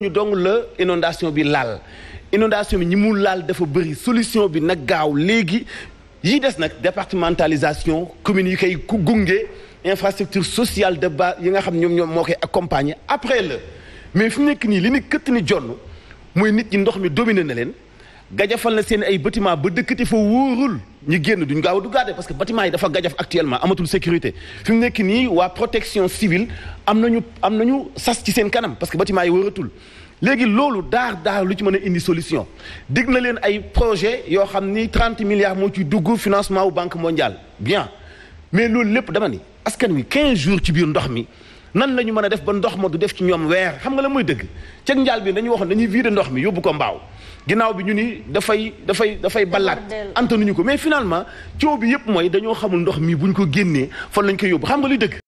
ñu dong la inondation bi laal inondation bi ñi mu laal dafa bëri solution bi nag gaaw léegi yi des nag départementalisation communes yi koy gunge infrastructure sociale de base yi nga xam ñoom ñoom moo koy accompagner après la mais fi nekk nii li ni këtt ni jonn mooy nit ñi ndox mi domine na leen gajafal na seen ay bâtiment ba dëkkati fa wóorul ñu génn duñ gaaw a duggaate parce que bâtiment yi dafa gajaf actuellement amatul sécurité fi nekk nii waa protection civile am nañu am nañu sas ci seen kanam parce que bâtiment yi wëratul léegi loolu daar daar lu ci mën a indi solution dig na leen ay projet yoo xam ni trente milliards moo ciy dugg financement wu banque mondiale bien mais loolu lépp dama ni askan wi 15 jours ci biir ndox mi nan la ñu mën a def ba ndox ma du def ci ñoom weer xam nga la mooy dëgg ceg njaal bi dañuy waxoon dañuy vider ndox mi yóbbu ko mbaaw ginnaaw bi ñu ni dafay dafay dafay ballaat antanuñu ko mais finalement coow bi yëpp mooy dañoo xamul ndox mi buñ ko génnee fan lañ koy yóbbu xam nga luy dëgg